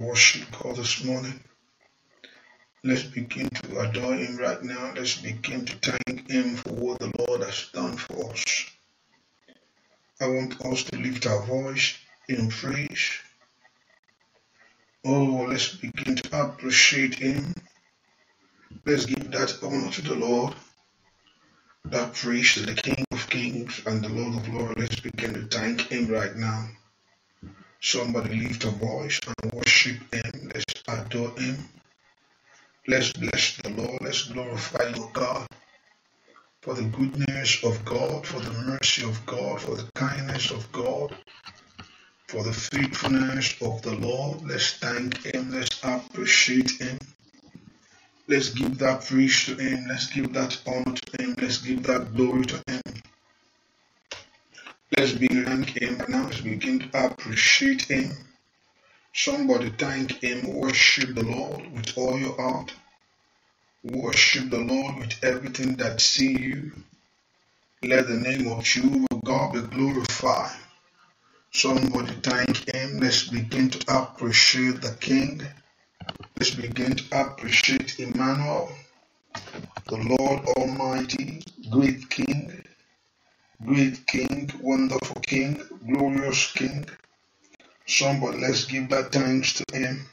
worship God this morning. Let's begin to adore Him right now. Let's begin to thank Him for what the Lord has done for us. I want us to lift our voice in praise. Oh, let's begin to appreciate Him. Let's give that honor to the Lord. That praise to the King of Kings and the Lord of Lords. Let's begin to thank Him right now. Somebody lift a voice and worship Him. Let's adore Him. Let's bless the Lord. Let's glorify your God for the goodness of God, for the mercy of God, for the kindness of God, for the faithfulness of the Lord. Let's thank Him. Let's appreciate Him. Let's give that praise to Him. Let's give that honor to Him. Let's give that glory to Him. Let's begin to thank Him now let's begin to appreciate Him. Somebody thank Him, worship the Lord with all your heart. Worship the Lord with everything that's in you. Let the name of Jehovah God be glorified. Somebody thank Him. Let's begin to appreciate the King. Let's begin to appreciate Emmanuel, the Lord Almighty, great King. Great King, wonderful King, glorious King. Somebody, let's give that thanks to Him.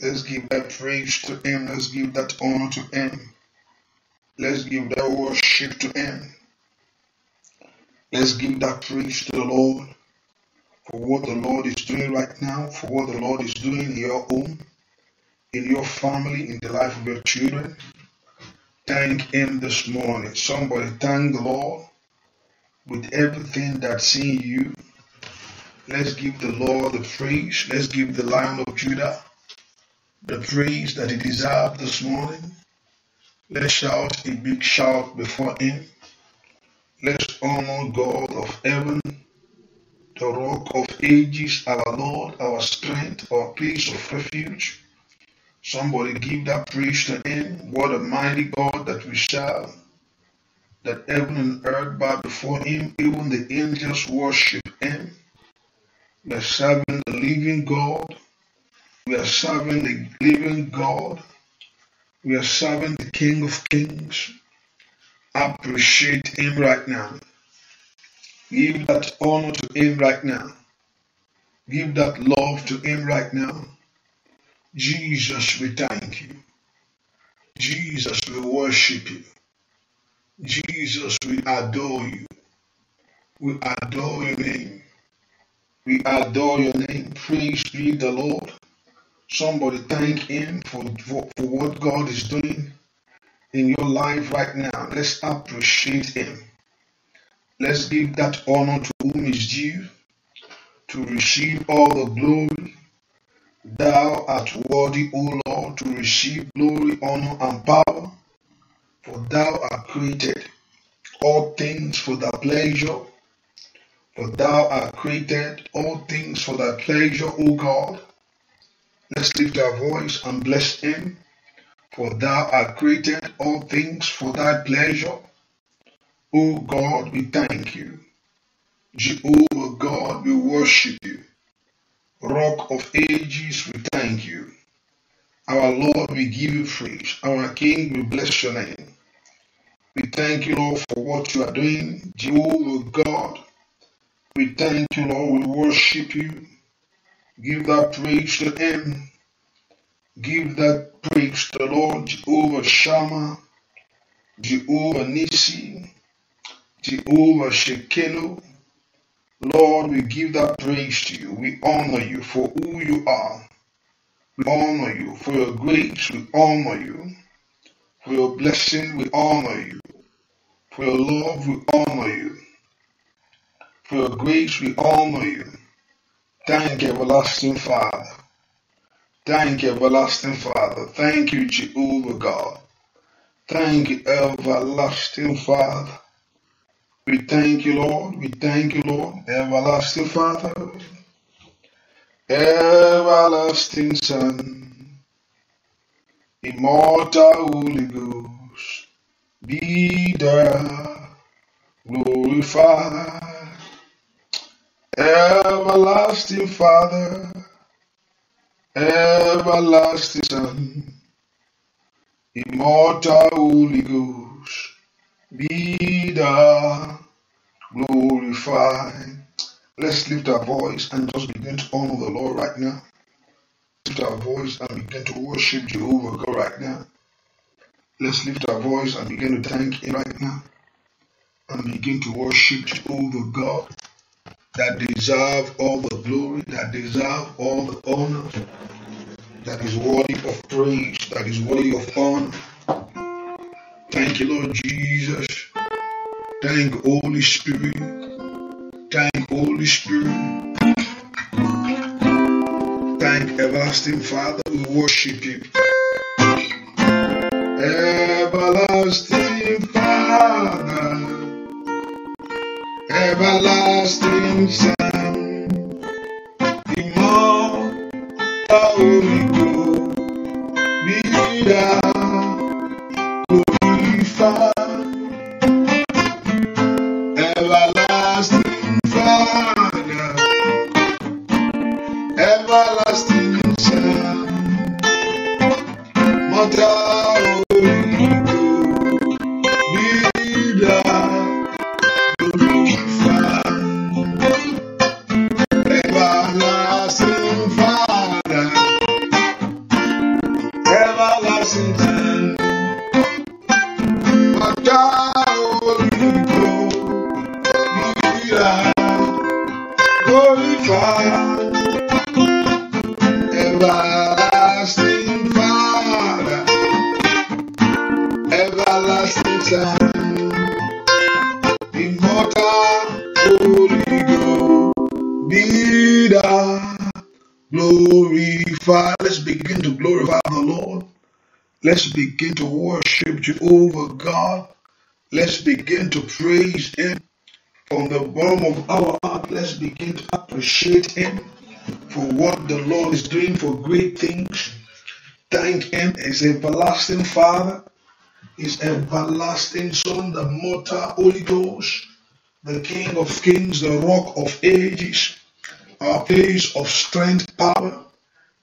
Let's give that praise to Him. Let's give that honor to Him. Let's give that worship to Him. Let's give that praise to the Lord for what the Lord is doing right now, for what the Lord is doing in your home, in your family, in the life of your children. Thank Him this morning. Somebody thank the Lord with everything that's in you. Let's give the Lord the praise. Let's give the Lion of Judah the praise that he deserves this morning. Let's shout a big shout before him. Let's honor God of heaven, the rock of ages, our Lord, our strength, our place of refuge. Somebody give that praise to him. What a mighty God that we serve that heaven and earth bow before him, even the angels worship him. We are serving the living God. We are serving the living God. We are serving the King of Kings. Appreciate him right now. Give that honor to him right now. Give that love to him right now. Jesus, we thank you. Jesus, we worship you. Jesus, we adore you. We adore your name. We adore your name. Praise be the Lord. Somebody thank Him for, for, for what God is doing in your life right now. Let's appreciate Him. Let's give that honor to whom is due to receive all the glory. Thou art worthy, O Lord, to receive glory, honor, and power. For thou art created all things for thy pleasure. For thou art created all things for thy pleasure, O God. Let's lift our voice and bless him. For thou art created all things for thy pleasure. O God, we thank you. Jehovah God, we worship you. Rock of ages, we thank you. Our Lord, we give you praise. Our King, we bless your name. We thank you, Lord, for what you are doing. Jehovah God, we thank you, Lord. We worship you. Give that praise to Him. Give that praise to Lord Jehovah Shammah, Jehovah Nisi, Jehovah Shekinah. Lord, we give that praise to you. We honor you for who you are we honor you. For your grace, we honor you. For your blessing, we honor you. For your love, we honor you. For your grace, we honor you. Thank you, everlasting Father. Thank you, everlasting Father. Thank you, Jehovah God. Thank you, everlasting Father. We thank you, Lord. We thank you, Lord. Everlasting Father everlasting Son, immortal Holy Ghost, be thou glorified, everlasting Father, everlasting Son, immortal Holy Ghost, be thou glorified. Let's lift our voice and just begin to honor the Lord right now. Lift our voice and begin to worship Jehovah God right now. Let's lift our voice and begin to thank Him right now. And begin to worship Jehovah God that deserve all the glory, that deserve all the honor, that is worthy of praise, that is worthy of honor. Thank you, Lord Jesus. Thank Holy Spirit. Thank Holy Spirit. Thank Everlasting Father. We worship you. Everlasting Father. Everlasting Son. Immortal. begin to worship Jehovah God. Let's begin to praise Him from the bottom of our heart. Let's begin to appreciate Him for what the Lord is doing for great things. Thank Him as everlasting Father, His everlasting Son, the Mortal Holy Ghost, the King of Kings, the Rock of Ages, our place of strength, power.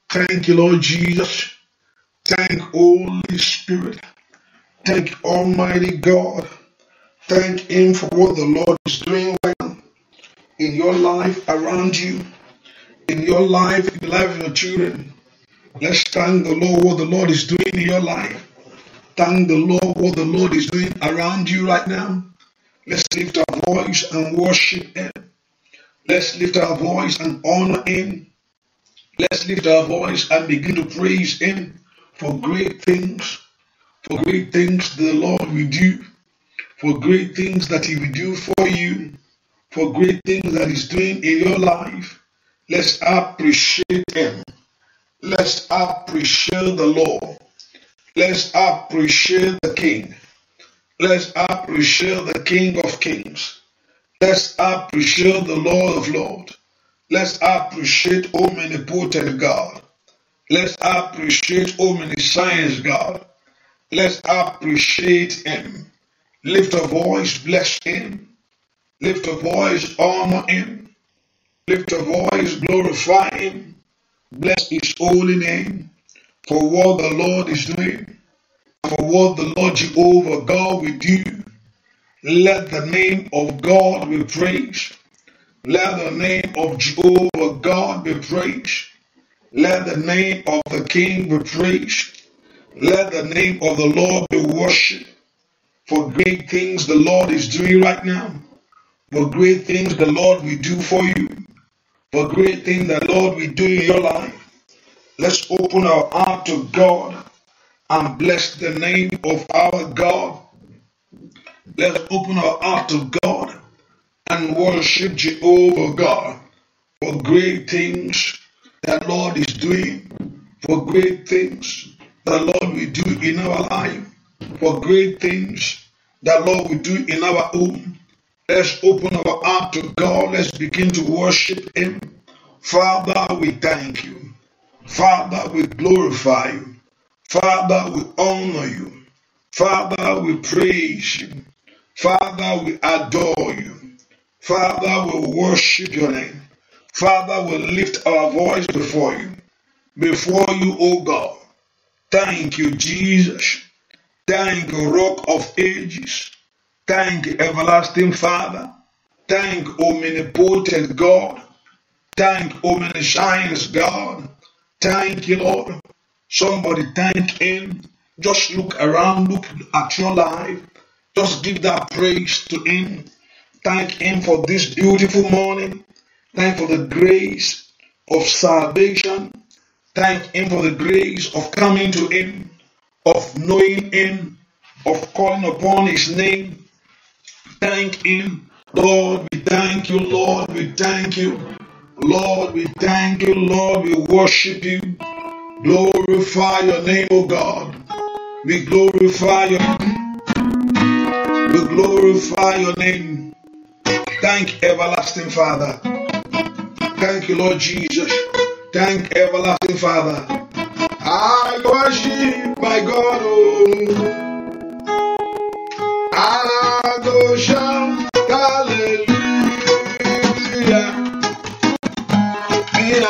Thank you, Lord Jesus. Thank Holy Spirit. Thank Almighty God. Thank Him for what the Lord is doing right now in your life, around you, in your life, in the life of your children. Let's thank the Lord what the Lord is doing in your life. Thank the Lord what the Lord is doing around you right now. Let's lift our voice and worship Him. Let's lift our voice and honor Him. Let's lift our voice and begin to praise Him. For great things, for great things the Lord will do, for great things that He will do for you, for great things that He's doing in your life. Let's appreciate Him. Let's appreciate the Lord. Let's appreciate the King. Let's appreciate the King of Kings. Let's appreciate the Lord of Lords. Let's appreciate Omnipotent God. Let's appreciate how many signs, God. Let's appreciate Him. Lift a voice, bless Him. Lift a voice, honor Him. Lift a voice, glorify Him. Bless His holy name for what the Lord is doing, for what the Lord Jehovah God will do. Let the name of God be praised. Let the name of Jehovah God be praised. Let the name of the King be praised. Let the name of the Lord be worshipped. For great things the Lord is doing right now. For great things the Lord will do for you. For great things the Lord will do in your life. Let's open our heart to God and bless the name of our God. Let's open our heart to God and worship Jehovah God for great things the Lord is doing for great things the Lord will do in our life, for great things the Lord will do in our home. Let's open our heart to God. Let's begin to worship Him. Father, we thank you. Father, we glorify you. Father, we honor you. Father, we praise you. Father, we adore you. Father, we worship your name. Father, we lift our voice before you. Before you, O God. Thank you, Jesus. Thank you, Rock of Ages. Thank you, Everlasting Father. Thank Omnipotent God. Thank Omniscience God. Thank you, Lord. Somebody thank Him. Just look around, look at your life. Just give that praise to Him. Thank Him for this beautiful morning. Thank for the grace of salvation. Thank Him for the grace of coming to Him, of knowing Him, of calling upon His name. Thank Him. Lord, we thank you. Lord, we thank you. Lord, we thank you. Lord, we worship you. Glorify your name, O God. We glorify your We glorify your name. Thank everlasting Father. Thank you, Lord Jesus. Thank everlasting Father. I worship my God. Oh. Adoration, hallelujah. In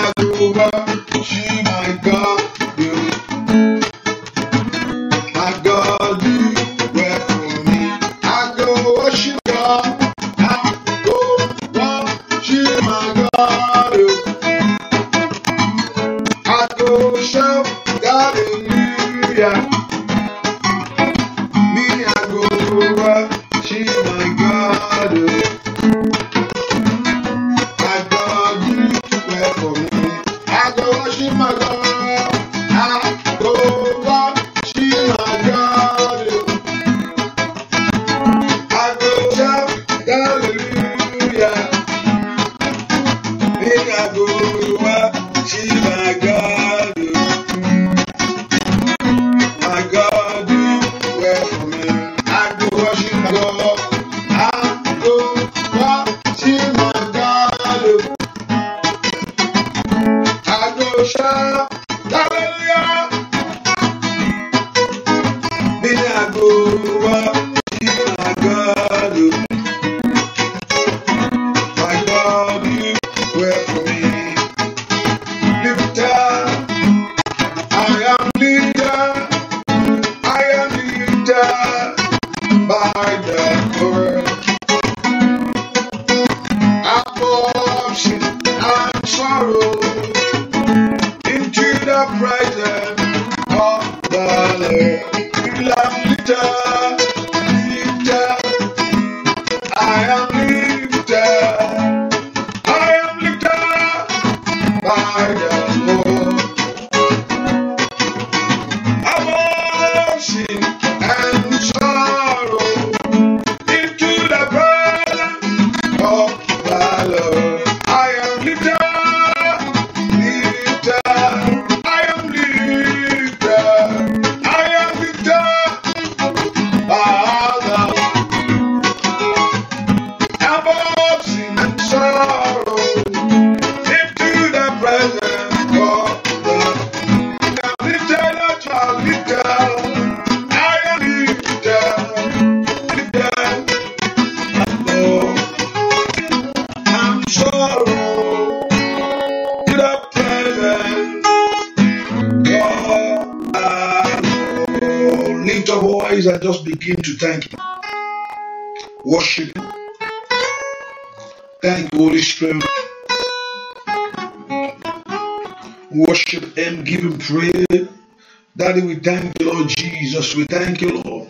thank you, Lord Jesus. We thank you, Lord.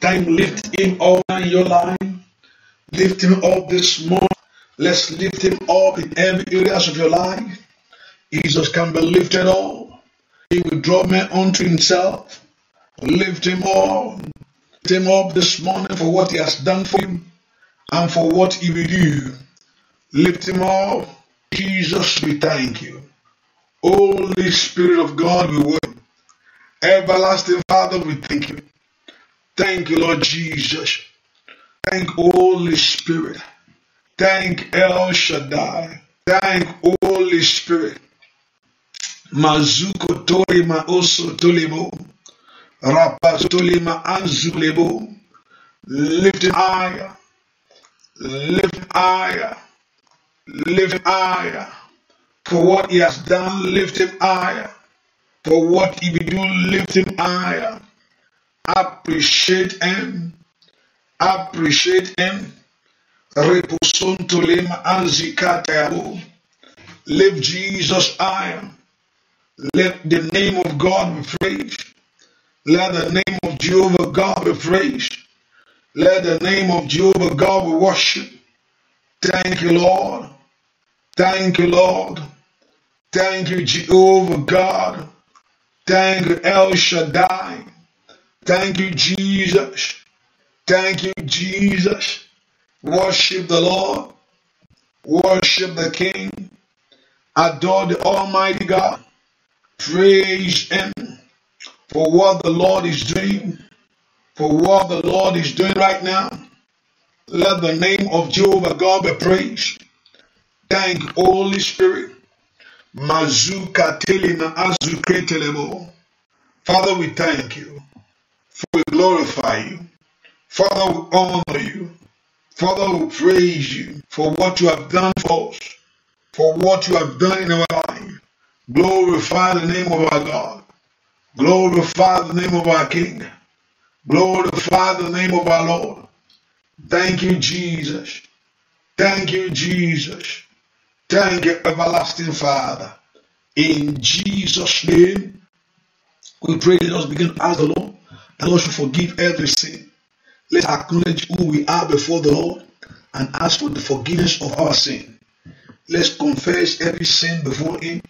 Time lift him up in your life. Lift him up this morning. Let's lift him up in every areas of your life. Jesus can be lifted up. He will draw men unto himself. Lift him up. Lift him up this morning for what he has done for him and for what he will do. Lift him up. Jesus, we thank you. Holy Spirit of God, we worship. Everlasting Father, we thank you. Thank you, Lord Jesus. Thank Holy Spirit. Thank El Shaddai. Thank Holy Spirit. Mazuko tolima oso tolebo. Rapazo tolima anzulebo. Lift higher. Lift higher. Lift higher. For what he has done, lift him higher. For what he will do, lift him higher. Appreciate him. Appreciate him. Reposonto lema anzikatayabu. Lift Jesus higher. Let the name of God be praised. Let the name of Jehovah God be praised. Let the name of Jehovah God be worshipped. Thank you, Lord. Thank you, Lord. Thank you, Jehovah God. Thank you, El Shaddai. Thank you, Jesus. Thank you, Jesus. Worship the Lord. Worship the King. Adore the Almighty God. Praise Him for what the Lord is doing, for what the Lord is doing right now. Let the name of Jehovah God be praised. Thank Holy Spirit. Father, we thank you. We glorify you. Father, we honor you. Father, we praise you for what you have done for us, for what you have done in our life. Glorify the name of our God. Glorify the name of our King. Glorify the name of our Lord. Thank you, Jesus. Thank you, Jesus. Thank you, everlasting Father. In Jesus' name, we pray. Let us begin to ask the Lord that Lord should forgive every sin. Let's acknowledge who we are before the Lord and ask for the forgiveness of our sin. Let's confess every sin before Him.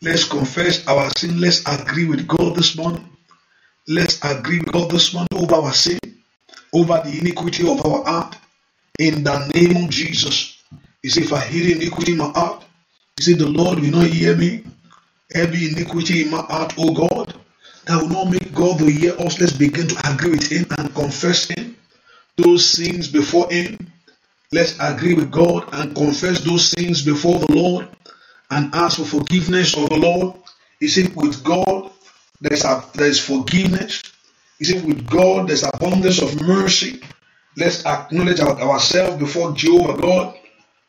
Let's confess our sin. Let's agree with God this morning. Let's agree with God this morning over our sin, over the iniquity of our heart. In the name of Jesus. Is If I hear iniquity in my heart, he said, The Lord will not hear me. Every iniquity in my heart, O God, that will not make God to hear us. Let's begin to agree with Him and confess Him, those sins before Him. Let's agree with God and confess those sins before the Lord and ask for forgiveness of the Lord. He said, With God, there's, a, there's forgiveness. He said, With God, there's abundance of mercy. Let's acknowledge ourselves before Jehovah God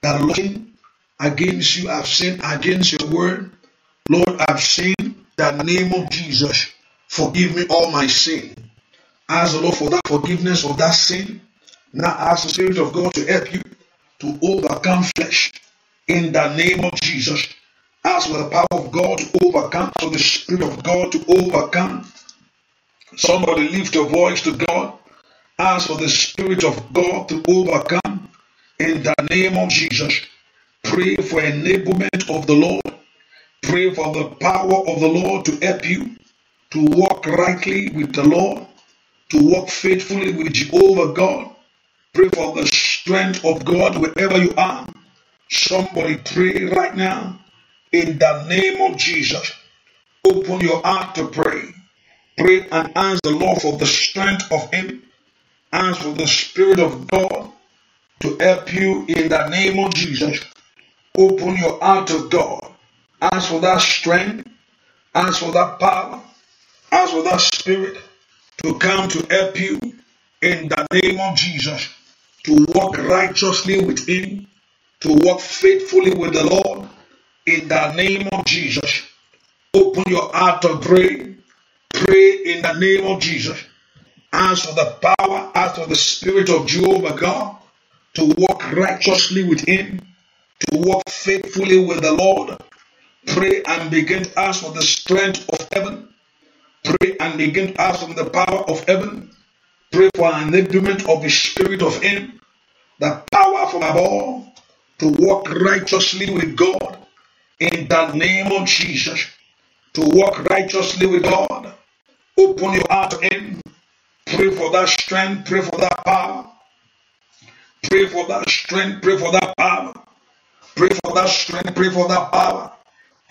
that looking against you. I've sinned against your word. Lord, I've sinned. That name of Jesus, forgive me all my sin. Ask the Lord for that forgiveness of that sin. Now ask the Spirit of God to help you to overcome flesh in the name of Jesus. Ask for the power of God to overcome, for the Spirit of God to overcome. Somebody lift your voice to God. Ask for the Spirit of God to overcome in the name of Jesus, pray for enablement of the Lord. Pray for the power of the Lord to help you to walk rightly with the Lord, to walk faithfully with Jehovah God. Pray for the strength of God wherever you are. Somebody pray right now in the name of Jesus. Open your heart to pray. Pray and ask the Lord for the strength of Him. Ask for the Spirit of God to help you in the name of Jesus. Open your heart to God. Ask for that strength. Ask for that power. Ask for that spirit to come to help you in the name of Jesus. To walk righteously with Him. To walk faithfully with the Lord in the name of Jesus. Open your heart to pray. Pray in the name of Jesus. Ask for the power, ask for the spirit of Jehovah God to walk righteously with Him, to walk faithfully with the Lord. Pray and begin to ask for the strength of heaven. Pray and begin to ask for the power of heaven. Pray for an enablement of the Spirit of Him, the power from above, to walk righteously with God in the name of Jesus. To walk righteously with God. Open your heart to Him. Pray for that strength. Pray for that power Pray for that strength, pray for that power. Pray for that strength, pray for that power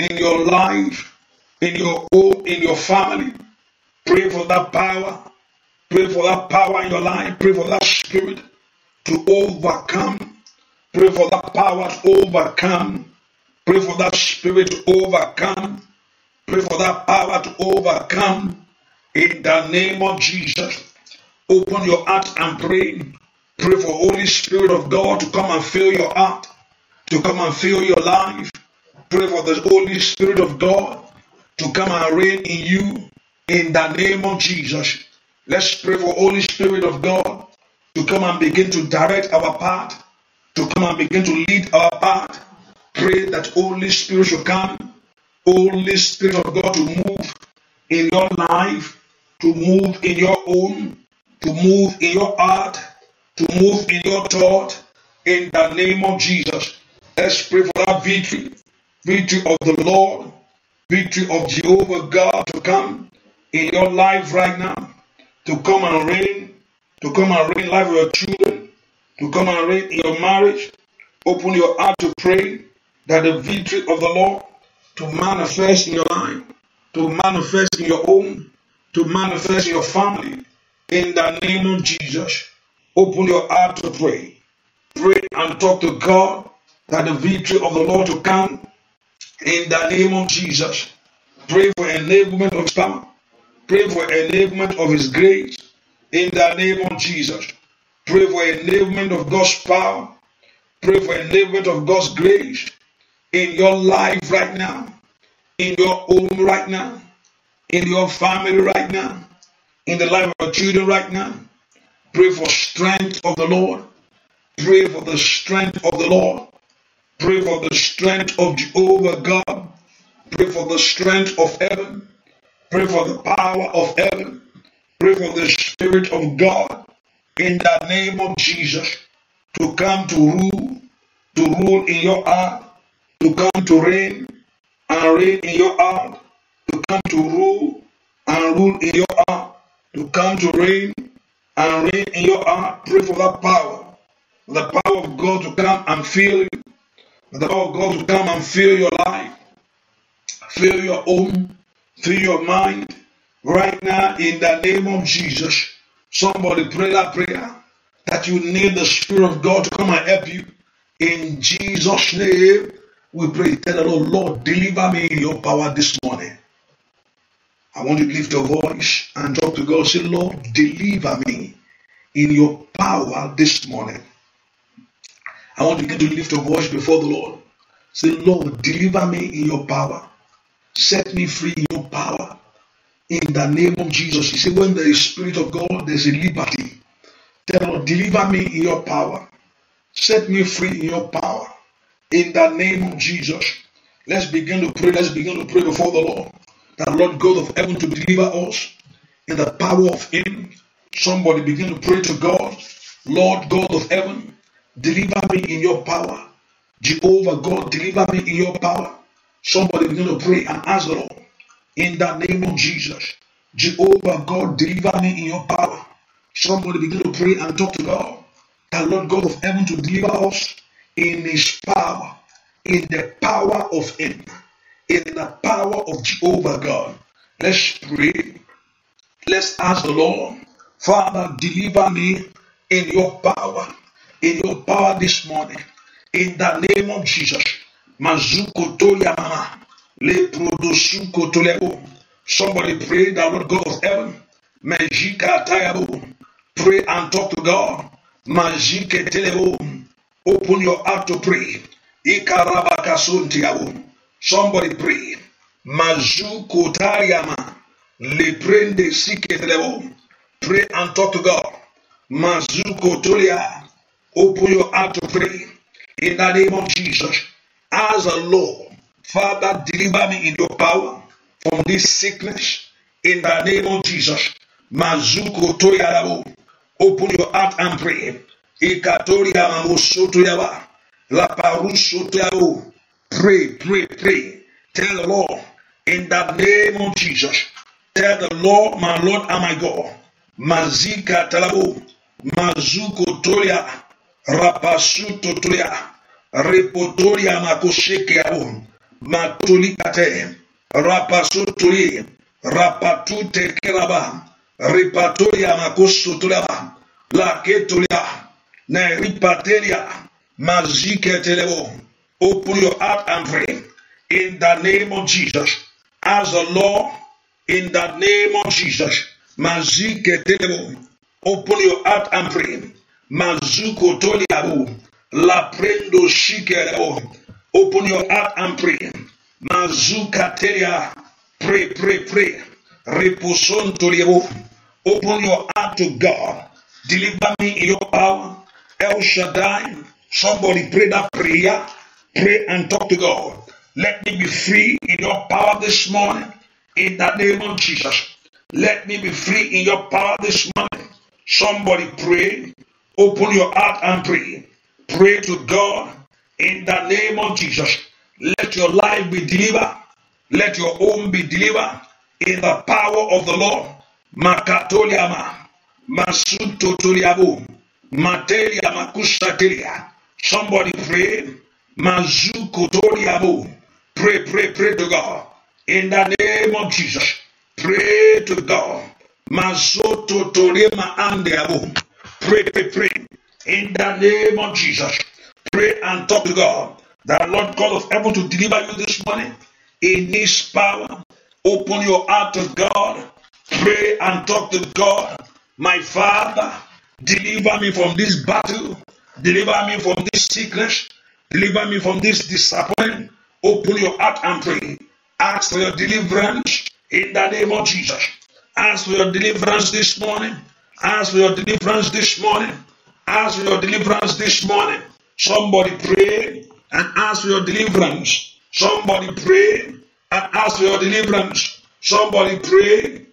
in your life, in your home, in your family. Pray for that power. Pray for that power in your life. Pray for that spirit to overcome. Pray for that power to overcome. Pray for that spirit to overcome. Pray for that power to overcome. In the name of Jesus, open your heart and pray. Pray for Holy Spirit of God to come and fill your heart, to come and fill your life. Pray for the Holy Spirit of God to come and reign in you in the name of Jesus. Let's pray for Holy Spirit of God to come and begin to direct our path, to come and begin to lead our path. Pray that Holy Spirit should come, Holy Spirit of God to move in your life, to move in your own, to move in your heart, to move in your thought in the name of Jesus. Let's pray for that victory. Victory of the Lord, victory of Jehovah God to come in your life right now, to come and reign, to come and reign life of your children, to come and reign in your marriage. Open your heart to pray that the victory of the Lord to manifest in your life, to manifest in your home, to manifest in your family, in the name of Jesus. Open your heart to pray. Pray and talk to God that the victory of the Lord to come in the name of Jesus. Pray for enablement of His power. Pray for enablement of His grace in the name of Jesus. Pray for enablement of God's power. Pray for enablement of God's grace in your life right now, in your home right now, in your family right now, in the life of your children right now, Pray for strength of the Lord. Pray for the strength of the Lord. Pray for the strength of Jehovah God. Pray for the strength of heaven. Pray for the power of heaven. Pray for the Spirit of God in the name of Jesus to come to rule, to rule in your heart, to come to reign and reign in your heart, to come to rule and rule in your heart, to come to reign and read in your heart, pray for that power. The power of God to come and fill you. The power of God to come and fill your life. Fill your home. Fill your mind. Right now, in the name of Jesus, somebody pray that prayer that you need the Spirit of God to come and help you. In Jesus' name, we pray. Tell the Lord, Lord, deliver me in your power this I want you to lift your voice and talk to God. Say, Lord, deliver me in your power this morning. I want you to lift your voice before the Lord. Say, Lord, deliver me in your power. Set me free in your power. In the name of Jesus. You see, when there is Spirit of God, there's a liberty. Tell Lord, deliver me in your power. Set me free in your power. In the name of Jesus. Let's begin to pray. Let's begin to pray before the Lord that Lord God of heaven to deliver us in the power of Him. Somebody begin to pray to God, Lord God of heaven, deliver me in your power. Jehovah God, deliver me in your power. Somebody begin to pray and ask the Lord in the name of Jesus. Jehovah God, deliver me in your power. Somebody begin to pray and talk to God. The Lord God of heaven to deliver us in his power, in the power of him. in the power of Jehovah God. Let's pray. Let's ask the Lord, Father, deliver me in your power, in your power this morning, in the name of Jesus. Somebody pray The Lord God of heaven. Pray and talk to God. Open your heart to pray. Somebody breathe. Mazu kotariama. Leprende siketrebo. Pray and talk to God. Mazu kotoria. Open your heart to pray. In the name of Jesus. As a Lord, Father, deliver me in your power from this sickness. In the name of Jesus. Mazu kotoyarabo. Open your heart and pray. Ikatoria mamosotoyaba. La parusotoyabo. Pray, pray, pray. Tell the Lord in the name of Jesus. Tell the Lord, my Lord and my God. Mazika talabo, mazuko toya, rapasuto toya, repotoria makosheke abo, matoli ate, rapasuto ye, rapatute keraba, repatoria makoso toya, laketolia, ne ripateria, mazike telebo. Open your heart and pray in the name of Jesus. As the Lord, in the name of Jesus. Open your heart and pray. Mazuko toliabu. La prendo shikerebo. Open your heart and pray. Mazuka teria. Pray, pray, pray. Reposon toliabu. Open your heart to God. Deliver me in your power. El Shaddai. Somebody pray that prayer. Pray and talk to God. Let me be free in your power this morning. In the name of Jesus. Let me be free in your power this morning. Somebody pray. Open your heart and pray. Pray to God in the name of Jesus. Let your life be delivered. Let your home be delivered in the power of the Lord. Makatoliama. Masuntotoliabu. Materia makusatelia. Somebody pray. Pray, pray, pray to God. In the name of Jesus. Pray to God. Mazototorema andeabo. Pray, pray, pray. In the name of Jesus. Pray and talk to God. The Lord God of heaven to deliver you this morning. In His power. Open your heart to God. Pray and talk to God. My Father, deliver me from this battle. Deliver me from this sickness. Deliver me from this disappointment. Open your heart and pray. Ask for your deliverance in the name of Jesus. Ask for your deliverance this morning. Ask for your deliverance this morning. Ask for your deliverance this morning. Somebody pray and ask for your deliverance. Somebody pray and ask for your deliverance. Somebody pray.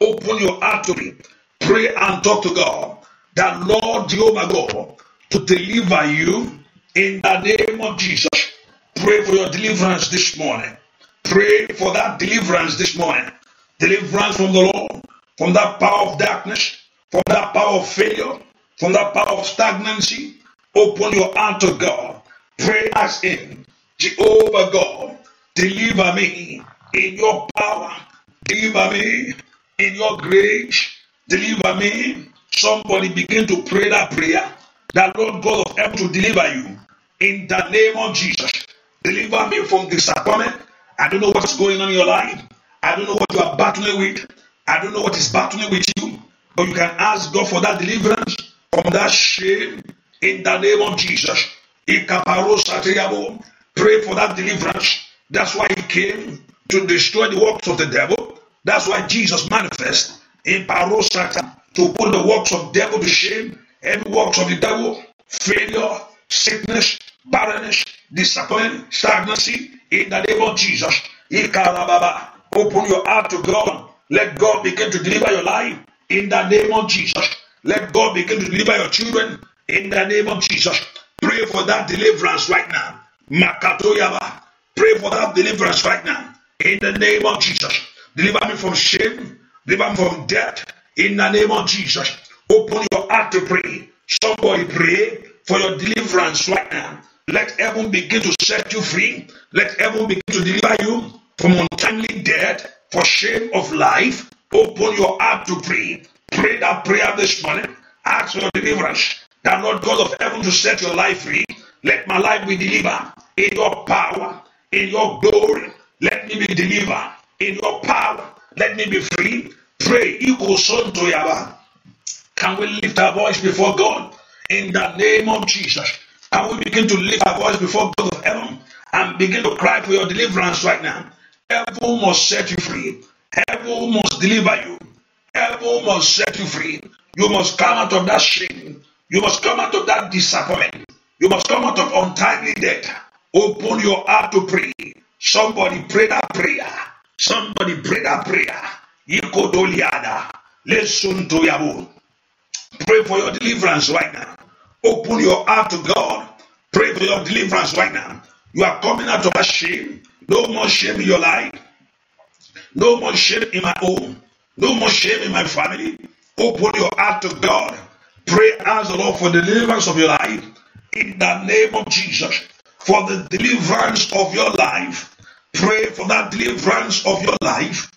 Open your heart to me. Pray and talk to God. That Lord Jehovah God to deliver you in the name of Jesus, pray for your deliverance this morning. Pray for that deliverance this morning. Deliverance from the Lord, from that power of darkness, from that power of failure, from that power of stagnancy. Open your heart to God. Pray as in Jehovah God, deliver me in your power, deliver me in your grace, deliver me. Somebody begin to pray that prayer that Lord God of heaven to deliver you. In the name of Jesus, deliver me from disappointment. I don't know what's going on in your life. I don't know what you are battling with. I don't know what is battling with you. But you can ask God for that deliverance from that shame in the name of Jesus. Pray for that deliverance. That's why he came to destroy the works of the devil. That's why Jesus manifest in Parosata to put the works of devil to shame, every works of the devil, failure, sickness, barrenness, disappointment, stagnancy in the name of Jesus. Ikarababa. Open your heart to God. Let God begin to deliver your life in the name of Jesus. Let God begin to deliver your children in the name of Jesus. Pray for that deliverance right now. Makatoyaba. Pray for that deliverance right now. In the name of Jesus. Deliver me from shame. Deliver me from death. In the name of Jesus. Open your heart to pray. Somebody pray for your deliverance right now. Let heaven begin to set you free. Let heaven begin to deliver you from untimely death, for shame of life. Open your heart to pray. Pray that prayer this morning. Ask for deliverance. That Lord God of heaven to set your life free. Let my life be delivered in your power, in your glory. Let me be delivered in your power. Let me be free. Pray. Can we lift our voice before God in the name of Jesus? And we begin to lift our voice before God of heaven and begin to cry for your deliverance right now. Heaven must set you free. Heaven must deliver you. Heaven must set you free. You must come out of that shame. You must come out of that disappointment. You must come out of untimely death. Open your heart to pray. Somebody pray that prayer. Somebody pray that prayer. Pray for your deliverance right now. Open your heart to God. Pray for your deliverance right now. You are coming out of shame. No more shame in your life. No more shame in my home. No more shame in my family. Open your heart to God. Pray, as the Lord for the deliverance of your life. In the name of Jesus. For the deliverance of your life. Pray for that deliverance of your life.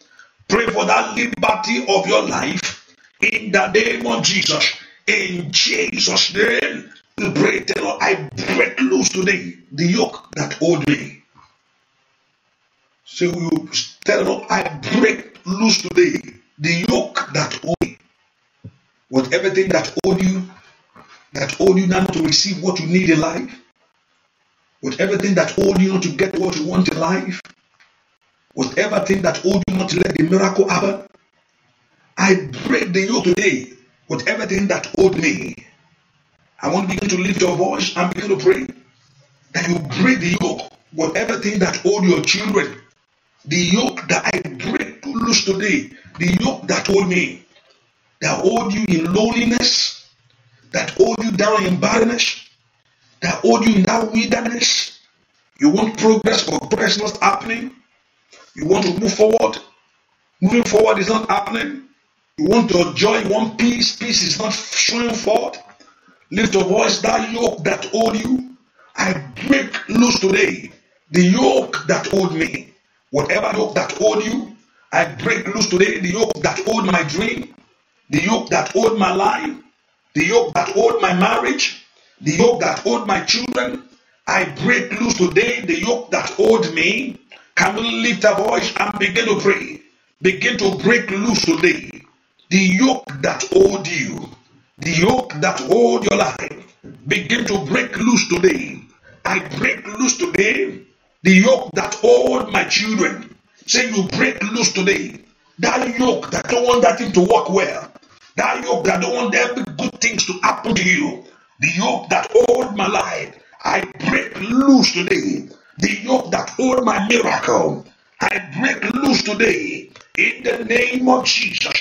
Pray for that liberty of your life. In the name of Jesus. In Jesus' name, we pray, the Lord, I break loose today the yoke that hold me. So we tell Lord, I break loose today the yoke that hold me. What everything that hold you, that hold you now to receive what you need in life, with everything that hold you not to get what you want in life, with everything that hold you not to let the miracle happen, I break the yoke today with everything that hold me. I want to begin to lift your voice and begin to pray that you break the yoke with everything that hold your children. The yoke that I break to loose today, the yoke that hold me, that hold you in loneliness, that hold you down in barrenness, that hold you in that wilderness. You want progress, but progress is not happening. You want to move forward. Moving forward is not happening. You want your joy, want peace. Peace is not showing forth. Lift your voice. That yoke that hold you, I break loose today. The yoke that hold me, whatever yoke that hold you, I break loose today. The yoke that hold my dream, the yoke that hold my life, the yoke that hold my marriage, the yoke that hold my children. I break loose today. The yoke that hold me. Can we lift our voice and begin to pray? Begin to break loose today. The yoke that hold you, the yoke that hold your life, begin to break loose today. I break loose today. The yoke that hold my children. Say you break loose today. That yoke that don't want that thing to work well. That yoke that don't want every good things to happen to you. The yoke that hold my life. I break loose today. The yoke that hold my miracle. I break loose today. In the name of Jesus.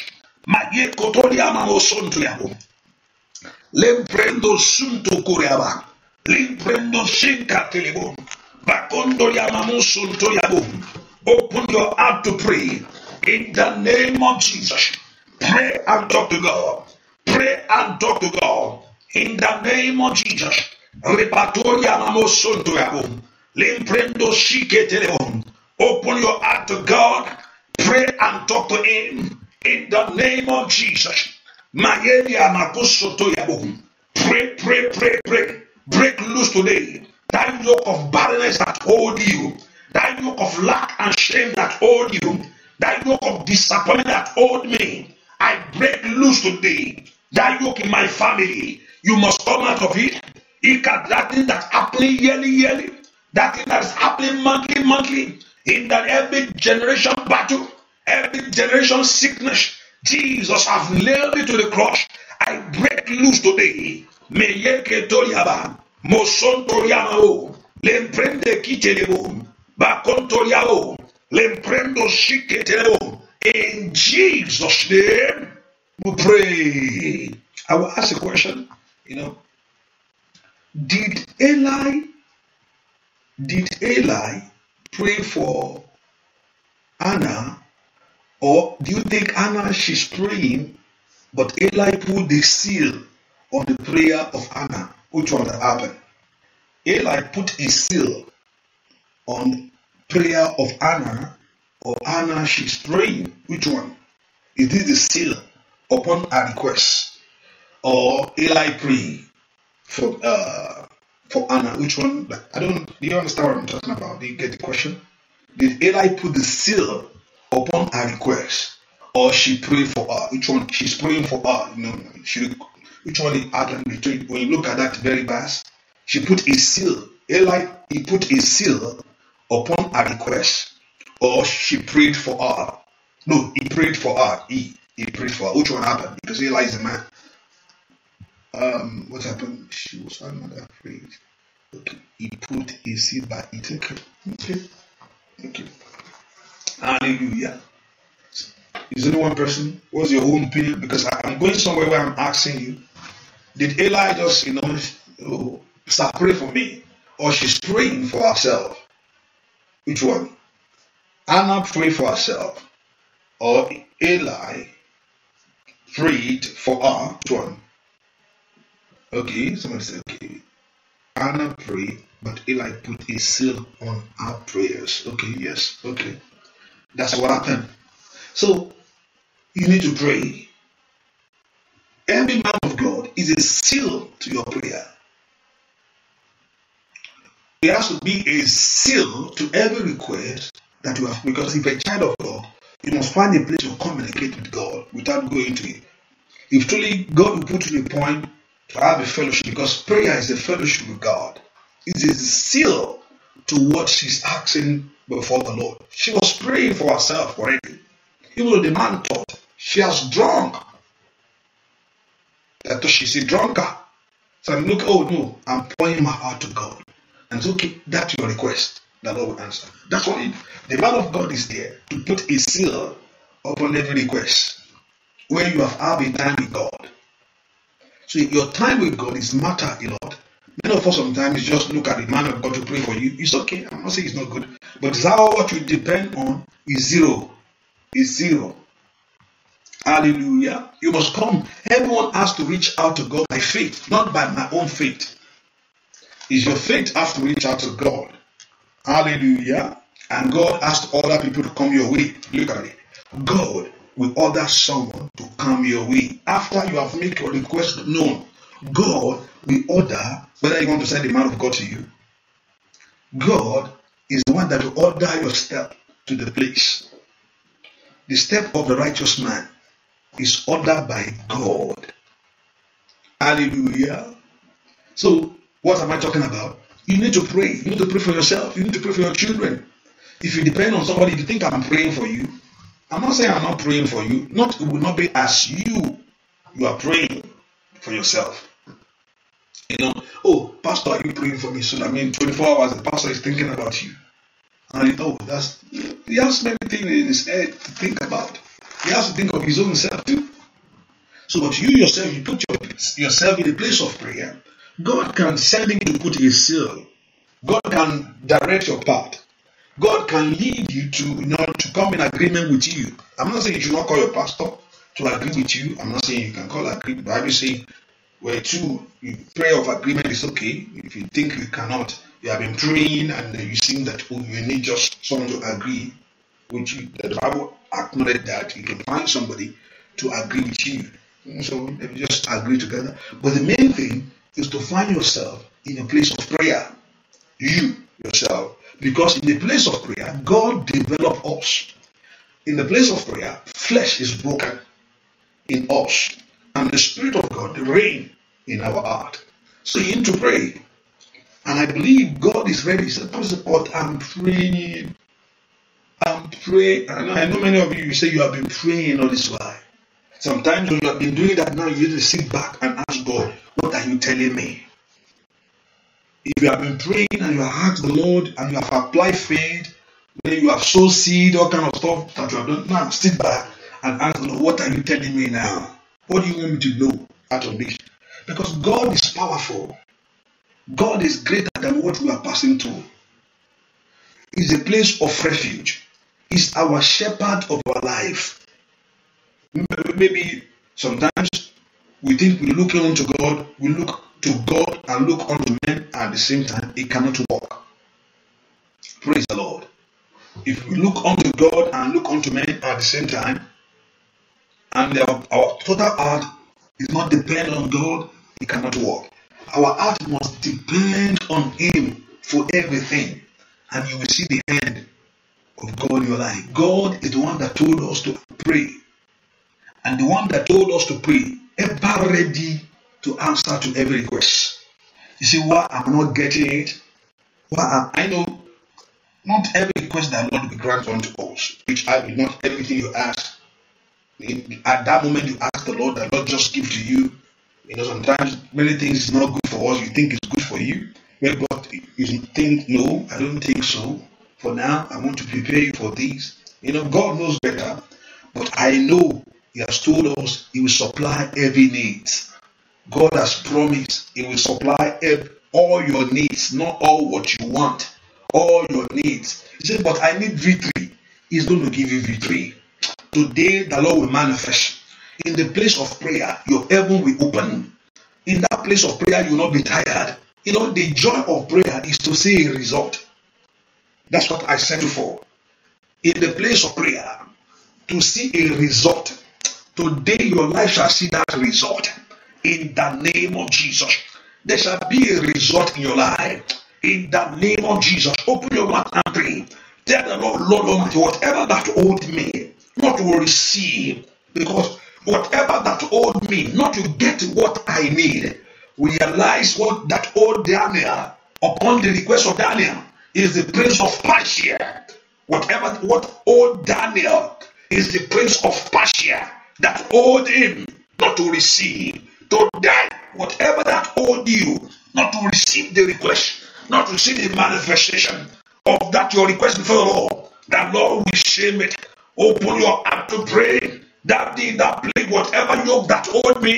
maye kotoria mamo sontriabo lemprendo sunto kuriaba lemprendo shinka telebo bakondo ya mamo sontriabo open your heart to pray in the name of Jesus pray and talk to God pray and talk to God in the name of Jesus repatoria mamo sontriabo lemprendo shike telebo open your heart to God pray and talk to him In the name of Jesus. Pray, pray, pray, pray. Break loose today. That yoke of barrenness that hold you. That yoke of lack and shame that hold you. That yoke of disappointment that hold me. I break loose today. That yoke in my family. You must come out of it. It that thing that's happening yearly, yearly. That thing that's happening monthly, monthly. In that every generation battle. Every generation sickness, Jesus have nailed me to the cross. I break loose today. Meyeke toriaba, moson toriamao, lemprende kitelebo, bakon toriao, lemprendo shiketelebo. In Jesus' name, we pray. I will ask a question. You know, did Eli, did Eli pray for Anna Or do you think Anna, she's praying, but Eli put the seal on the prayer of Anna? Which one that happened? Eli put a seal on prayer of Anna, or Anna, she's praying. Which one? Is this the seal upon her request? Or Eli praying for uh, for Anna? Which one? I don't. Do you understand what I'm talking about? Do you get the question? Did Eli put the seal upon her request, or she prayed for her. Which one? She's praying for her. You know, she, which one? Adam returned. When you look at that very verse, she put a seal. Eli, he put a seal upon her request, or she prayed for her. No, he prayed for her. He, he prayed for her. Which one happened? Because Eli is a man. Um, what happened? She was another prayed. Okay, he put a seal by it. Okay, okay, okay. Hallelujah. Is only one person? What's your own opinion? Because I, am going somewhere where I'm asking you, did Eli just, you know, start praying for me? Or she's praying for herself? Which one? Anna prayed for herself. Or Eli prayed for her? Which one? Okay, somebody said, okay. Anna prayed, but Eli put a seal on her prayers. Okay, yes, okay. That's what happened. So you need to pray. Every man of God is a seal to your prayer. It has to be a seal to every request that you have. Because if a child of God, you must find a place to communicate with God without going to it. If truly God will put you in a point to have a fellowship, because prayer is a fellowship with God, it is a seal to what she's asking before the Lord. She was praying for herself already. Even though the man thought she has drunk. That she's a drunkard. So look, oh no, I'm pouring my heart to God. And so okay, that's your request. The Lord will answer. That's why the man of God is there to put a seal upon every request where you have had a time with God. So your time with God is matter a lot. Many of us sometimes just look at the man of God to pray for you. It's okay. I'm not saying it's not good. But how what you depend on is zero. Is zero. Hallelujah. You must come. Everyone has to reach out to God by faith, not by my own faith. Is your faith has to reach out to God. Hallelujah. And God asked other people to come your way. Look at it. God will order someone to come your way. After you have made your request known, God will order whether you want to send the man of God to you. God is the one that will order your step to the place. The step of the righteous man is ordered by God. Hallelujah. So, what am I talking about? You need to pray. You need to pray for yourself. You need to pray for your children. If you depend on somebody, if you think I'm praying for you, I'm not saying I'm not praying for you. Not it will not be as you you are praying for yourself. You know, oh, pastor, are you praying for me? So I mean, 24 hours, the pastor is thinking about you. And know, oh, that's he has many things in his head to think about. He has to think of his own self too. So, but you yourself, you put your, yourself in a place of prayer. God can send him to put his seal. God can direct your path. God can lead you to, you know, to come in agreement with you. I'm not saying you should not call your pastor to agree with you. I'm not saying you can call agree. The Bible saying. Where two, you pray of agreement is okay. If you think you cannot, you have been praying and you seem that oh, you need just someone to agree, which you, the Bible acknowledges that you can find somebody to agree with you. So you just agree together. But the main thing is to find yourself in a place of prayer. You yourself. Because in the place of prayer, God develops us. In the place of prayer, flesh is broken in us and the Spirit of God reign in our heart. So you need to pray. And I believe God is ready. He said, I'm praying. I'm praying. And I know many of you, you say you have been praying all this while. Sometimes when you have been doing that now, you need to sit back and ask God, What are you telling me? If you have been praying and you have asked the Lord and you have applied faith, when you have sowed seed, all kind of stuff that you have done, now sit back and ask the Lord, What are you telling me now? What do you want me to know out of this? Because God is powerful. God is greater than what we are passing through. Is a place of refuge. Is our shepherd of our life. Maybe sometimes we think we look unto God, we look to God and look unto men at the same time. It cannot work. Praise the Lord. If we look unto God and look unto men at the same time, and our, uh, our total heart is not dependent on God, it cannot work. Our heart must depend on Him for everything, and you will see the end of God in your life. God is the one that told us to pray, and the one that told us to pray, ever ready to answer to every request. You see, why I'm not getting it? Why I know not every request that Lord will grant unto us, which I will not everything you ask at that moment, you ask the Lord, the Lord just give to you. You know, sometimes many things is not good for us. You think it's good for you, but you think, no, I don't think so. For now, I want to prepare you for this. You know, God knows better, but I know He has told us He will supply every need. God has promised He will supply every, all your needs, not all what you want, all your needs. He said, But I need victory. He's going to give you victory. Today, the Lord will manifest. In the place of prayer, your heaven will open. In that place of prayer, you will not be tired. You know, the joy of prayer is to see a result. That's what I sent you for. In the place of prayer, to see a result. Today, your life shall see that result. In the name of Jesus, there shall be a result in your life. In the name of Jesus, open your mouth and pray. Tell the Lord, Lord Almighty, whatever that owed me, not will receive. Because whatever that owed me, not to get what I need, realize what that owed Daniel upon the request of Daniel is the prince of Persia. Whatever what owed Daniel is the prince of Persia that owed him not to receive. To die, whatever that owed you, not to receive the request, not to receive the manifestation of that your request before the Lord, that Lord will shame it Open your heart to pray. That in that plague, whatever yoke that hold me,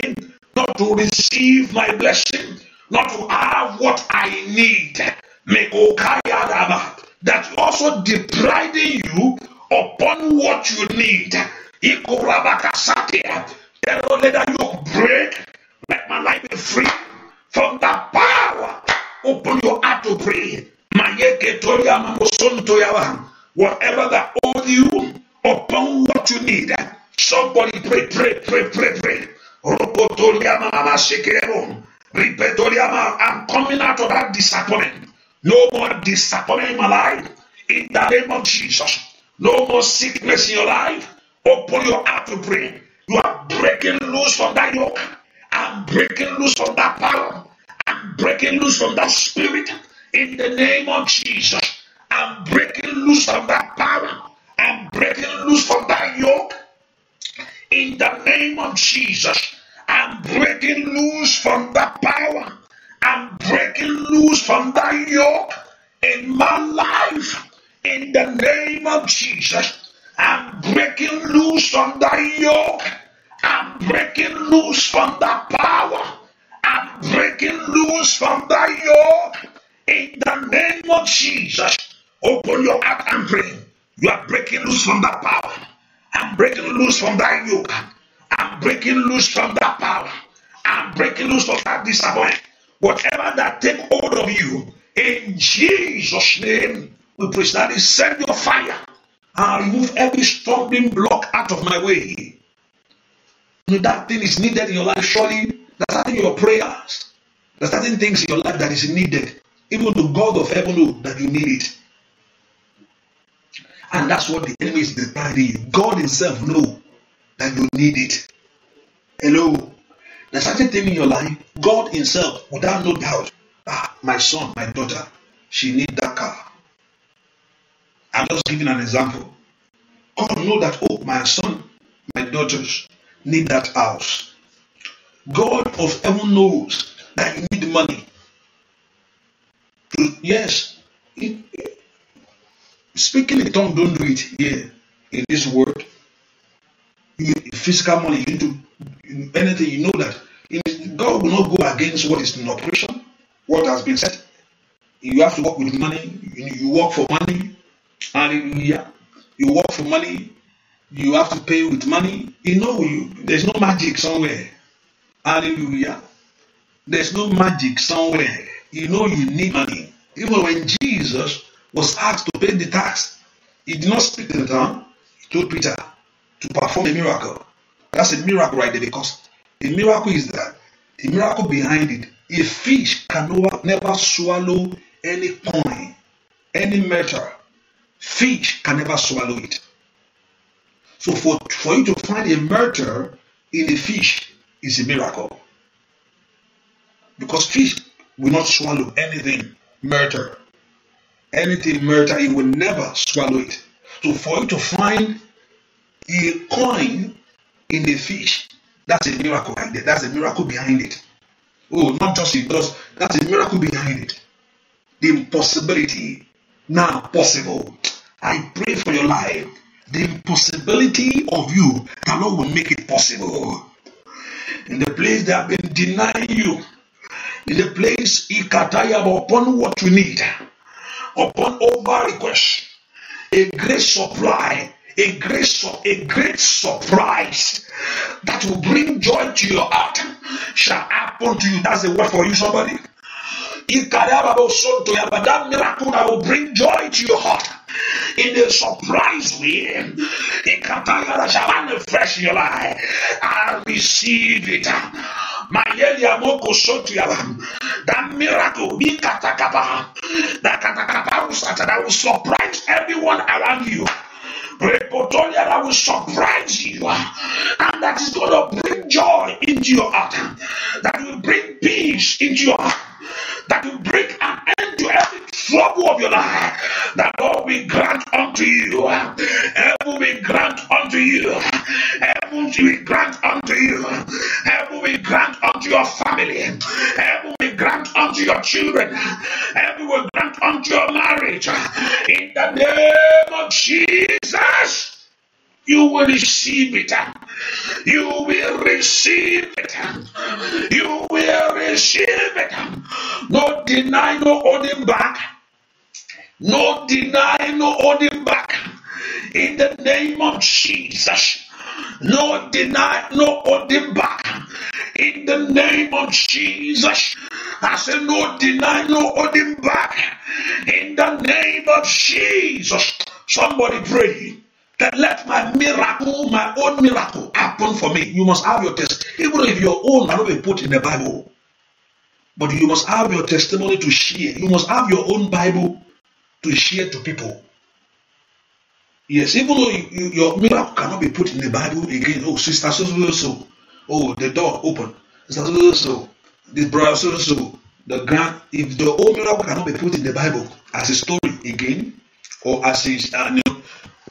not to receive my blessing, not to have what I need. That also depriving you upon what you need. Tell Lord, let that yoke break. Let my life be free from that power. Open your heart to pray. Whatever that hold you, upon what you need. Somebody pray, pray, pray, pray, pray. I'm coming out of that disappointment. No more disappointment in my life. In the name of Jesus. No more sickness in your life. Open your heart to pray. You are breaking loose from that yoke. I'm breaking loose from that power. I'm breaking loose from that spirit. In the name of Jesus. I'm breaking loose from that power. I'm breaking loose from thy yoke in the name of Jesus. I'm breaking loose from that power. I'm breaking loose from that yoke in my life in the name of Jesus. I'm breaking loose from that yoke. I'm breaking loose from that power. I'm breaking loose from that yoke in the name of Jesus. Open your heart and pray. You are breaking loose from that power. I'm breaking loose from that yoke. I'm breaking loose from that power. I'm breaking loose from that disappointment. Whatever that take hold of you, in Jesus' name, we pray that is send your fire and remove every stumbling block out of my way. If that thing is needed in your life, surely that's not in your prayers. There's certain things in your life that is needed. Even the God of heaven knows that you need it. And that's what the enemy is denying. God Himself know that you need it. Hello. There's certain thing in your life, God Himself, without no doubt, ah, my son, my daughter, she need that car. I'm just giving an example. God know that, oh, my son, my daughters need that house. God of heaven knows that you need money. Yes, Speaking in tongue, don't do it here in this world. You, physical money, you do anything, you know that. God will not go against what is in operation, what has been said. You have to work with money, you, you work for money. Hallelujah. You work for money, you have to pay with money. You know, you, there's no magic somewhere. Hallelujah. There's no magic somewhere. You know, you need money. Even when Jesus was asked to pay the tax, he did not speak in the tongue. He told Peter to perform a miracle. That's a miracle right there because the miracle is that the miracle behind it. A fish can never swallow any coin, any metal. Fish can never swallow it. So for, for you to find a metal in a fish is a miracle. Because fish will not swallow anything, murder anything marital, he will never swallow it. So for you to find a coin in a fish, that's a miracle right there. That's a miracle behind it. Oh, not just it does. That's a miracle behind it. The impossibility now possible. I pray for your life. The impossibility of you, the Lord will make it possible. In the place that have been denying you, in the place he Ikatayab upon what you need, upon over request, a great supply, a great, a great surprise that will bring joy to your heart shall happen to you. That's the word for you, somebody. But that miracle that will bring joy to your heart in a surprise way. It can manifest in your life. I receive it. Mayelia moko sotiaba. That miracle, mi katakaba. That katakaba that will surprise everyone around you. Repotolia that will surprise you. And that is going to bring joy into your heart. That will bring peace into your heart. That will bring an end to every trouble of your life. That God will grant unto you. Heaven will grant unto you. Heaven will be grant unto you. Heaven will grant unto your family. Heaven will grant unto your children. Heaven will grant unto your marriage. In the name of Jesus. You will receive it. You will receive it. You will receive it. No deny, no holding back. No deny, no holding back. In the name of Jesus no deny, no holding back. In the name of Jesus, I say no deny, no holding back. In the name of Jesus, somebody pray that let my miracle, my own miracle, happen for me. You must have your test, even if your own are not put in the Bible. But you must have your testimony to share. You must have your own Bible to share to people. Yes, even though you, you, your miracle cannot be put in the Bible again. Oh, sister, so so so. Oh, the door open. Sister, so so so. The brother, so so. The grand. If the old miracle cannot be put in the Bible as a story again, or as a uh, you know,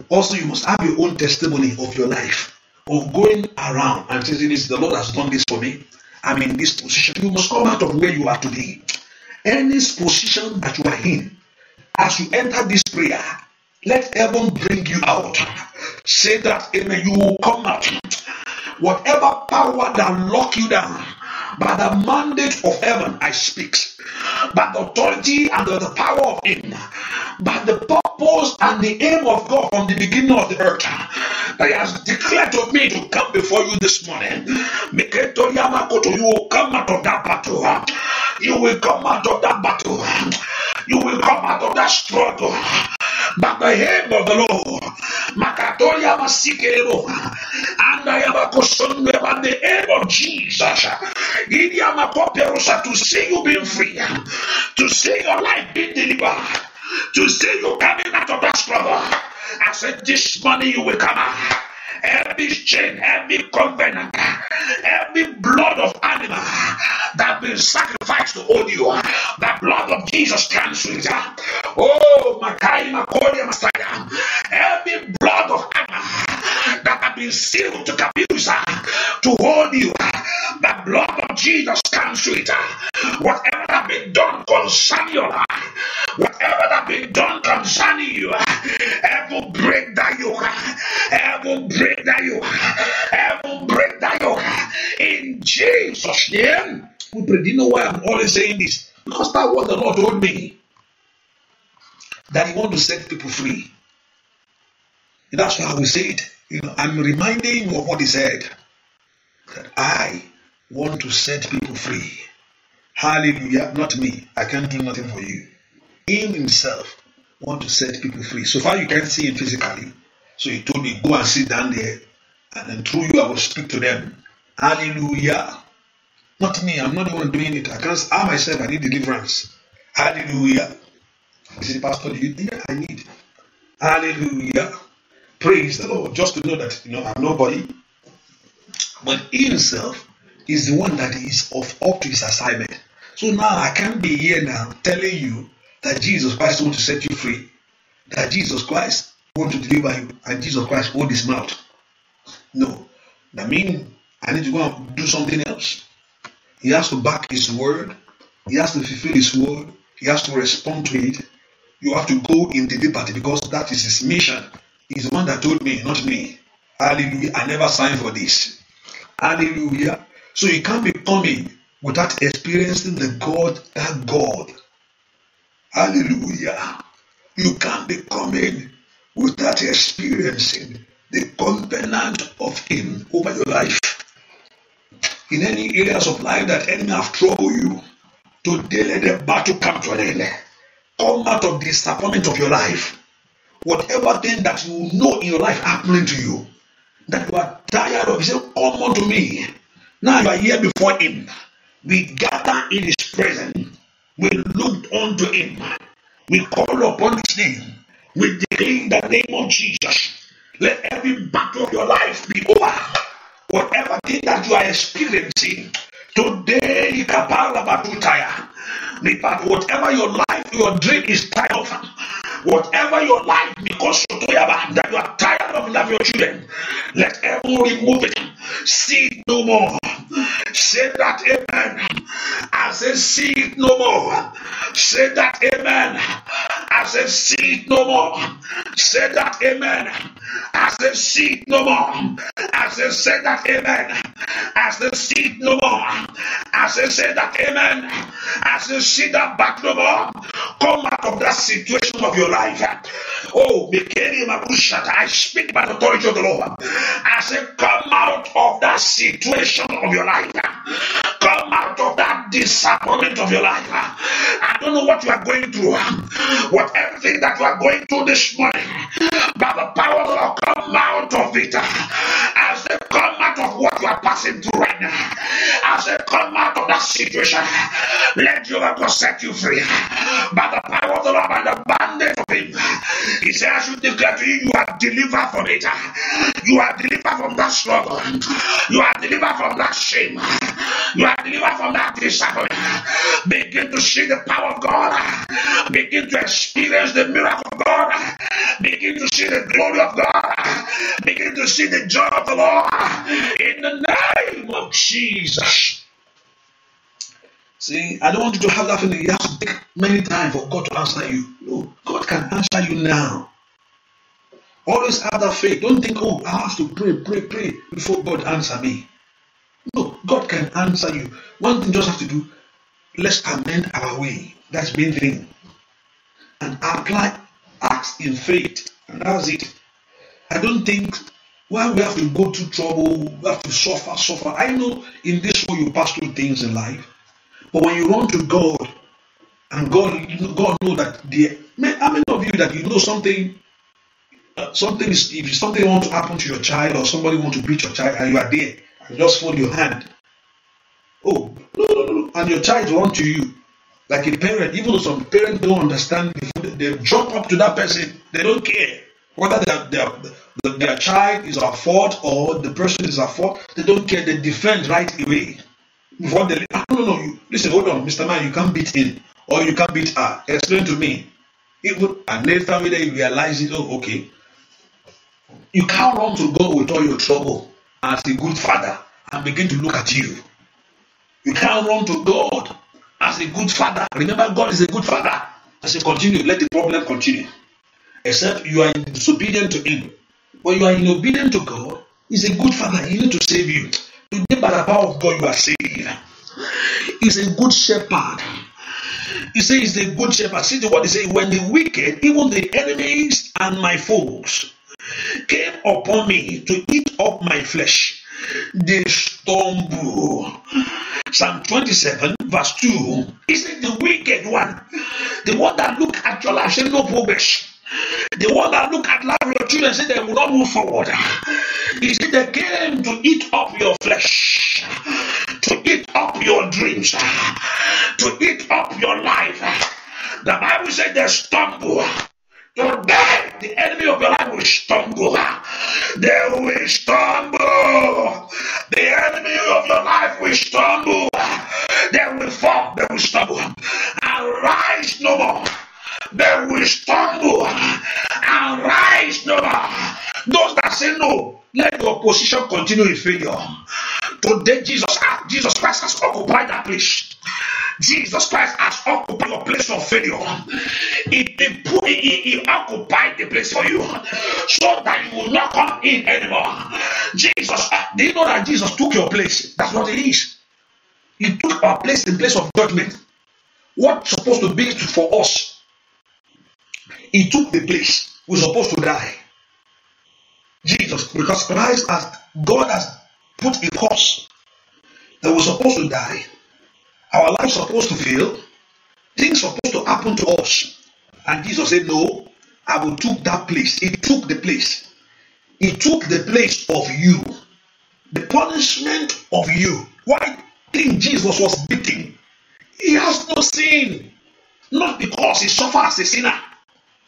also you must have your own testimony of your life of going around and saying this. The Lord has done this for me. I'm in this position. You must come out of where you are today. Any position that you are in, as you enter this prayer, Let heaven bring you out. Say that, amen. You will come out. Whatever power that lock you down, by the mandate of heaven, I speak. By the authority and the power of Him, by the purpose and the aim of God from the beginning of the earth, that He has declared to me to come before you this morning. You will come out of that battle. You will come out of that battle. You will come out of that struggle by the hand of the Lord. Makatoria Masikerebo. And I am a Kosonde by the hand e, of Jesus. Idiamakoperosa to see you being free, to see your life being delivered, to see you coming out of that struggle. I said, This morning you will come out every chain, every covenant, every blood of animal that been sacrificed to hold you, the blood of Jesus cancels it. Oh, Makai Makoria Masaya, every blood of animal that have been sealed to abuse to hold you. The blood of Jesus comes to it. Whatever that been done concerning your life, whatever that been done concerning you, ever break that yoke, ever break that yoke, ever break that yoke. In Jesus' name, we pray. Do you know why I'm always saying this? Because that's what the Lord told me. That He want to set people free. And that's why will say it. You know, I'm reminding you of what he said that I want to set people free. Hallelujah, not me. I can't do nothing for you. Him himself want to set people free. So far you can't see him physically. So he told me, go and sit down there, and then through you I will speak to them. Hallelujah. Not me, I'm not the one doing it. I can't I myself I need deliverance. Hallelujah. I said, Pastor, you think I need? Hallelujah. Praise the Lord. Just to know that you know I'm nobody, but he himself is the one that is of up to his assignment. So now I can't be here now telling you that Jesus Christ wants to set you free, that Jesus Christ wants to deliver you, and Jesus Christ hold his mouth. No, that means I need to go and do something else. He has to back his word. He has to fulfill his word. He has to respond to it. You have to go in the liberty because that is his mission. Is the one that told me, not me. Hallelujah. I never signed for this. Hallelujah. So you can't be coming without experiencing the God, that God. Hallelujah. You can't be coming without experiencing the covenant of Him over your life. In any areas of life that enemy have troubled you, today let the battle come to an end. Come out of the disappointment of your life whatever thing that you know in your life happening to you, that you are tired of, he said, Come unto me. Now you are here before him. We gather in his presence. We look unto him. We call upon his name. We declare in the name of Jesus. Let every battle of your life be over. Whatever thing that you are experiencing, today, whatever your life, your dream is tired of, Whatever your life, because that you are tired of loving your children, let heaven remove it. See it no more. Say that amen. I say, see it no more. Say that amen. I say, see it no more. Say that amen. I say, see it no more. I say, say that amen. I say, see it no more. I say, say that amen. I say, see that back no more. Come out of that situation of your life. life. Oh, I speak by the authority of the Lord. I say, come out of that situation of your life. Come out of that disappointment of your life. I don't know what you are going through. What everything that you are going through this morning, by the power of God, come out of it. a come of what you are passing through right now, as a come of that situation, let your God set you free by the power of the Lord and the bandage of Him. He said, I should declare to you, you are delivered from it. You are delivered from that struggle. You are delivered from that shame. You are delivered from that disappointment. Begin to see the power of God. Begin to experience the miracle of God. Begin to see the glory of God. Begin to see the joy of the Lord. in the name of Jesus. See, I don't want you to have that feeling. You have to take many time for God to answer you. No, God can answer you now. Always have that faith. Don't think, oh, I have to pray, pray, pray before God answer me. No, God can answer you. One thing you just have to do, let's amend our way. That's main thing. And apply acts in faith. And that's it. I don't think why we have to go through trouble, we have to suffer, suffer. I know in this world you pass through things in life, but when you run to God, and God, God know that the how many of you that you know something, uh, something is if something want to happen to your child or somebody want to beat your child and you are there and just fold your hand. Oh no no no! And your child run to you like a parent. Even though some parents don't understand, before they, they jump up to that person, they don't care. Whether their, their, their, their child is at fault or the person is at fault, they don't care. They defend right away. Before they, I ah, no no. You, listen, hold on, Mr. Man, you can't beat him or you can't beat her. Explain to me. Even and later, whether you realize it, oh, okay. You can't run to God with all your trouble as a good father and begin to look at you. You can't run to God as a good father. Remember, God is a good father. I say, continue, let the problem continue except you are disobedient to Him. When you are inobedient to God, He's a good Father. He needs to save you. Today, by the power of God, you are saved. He's a good shepherd. He says he's a good shepherd. See the word he says, when the wicked, even the enemies and my foes, came upon me to eat up my flesh, they stumble. Psalm 27, verse 2. He said, the wicked one, the one that look at your life, said, no progress. The one that look at life, your children say they will not move forward. He said they came to eat up your flesh, to eat up your dreams, to eat up your life. The Bible said they stumble. Today, the enemy of your life will stumble. They will stumble. The enemy of your life will stumble. They will fall. They will stumble. Arise no more. they will stumble and rise no more. Those that say no, let your position continue in failure. Today, Jesus, ah, Jesus Christ has occupied that place. Jesus Christ has occupied your place of failure. He, he, he, he occupied the place for you so that you will not come in anymore. Jesus, ah, do you know that Jesus took your place? That's what it is. He took our place, in place of judgment. What's supposed to be for us He took the place. We're supposed to die. Jesus, because Christ has, God has put a cross that we're supposed to die. Our life supposed to fail. Things supposed to happen to us. And Jesus said, No, I will took that place. He took the place. He took the place of you. The punishment of you. Why? Think Jesus was beaten. He has no sin. Not because he suffered as a sinner,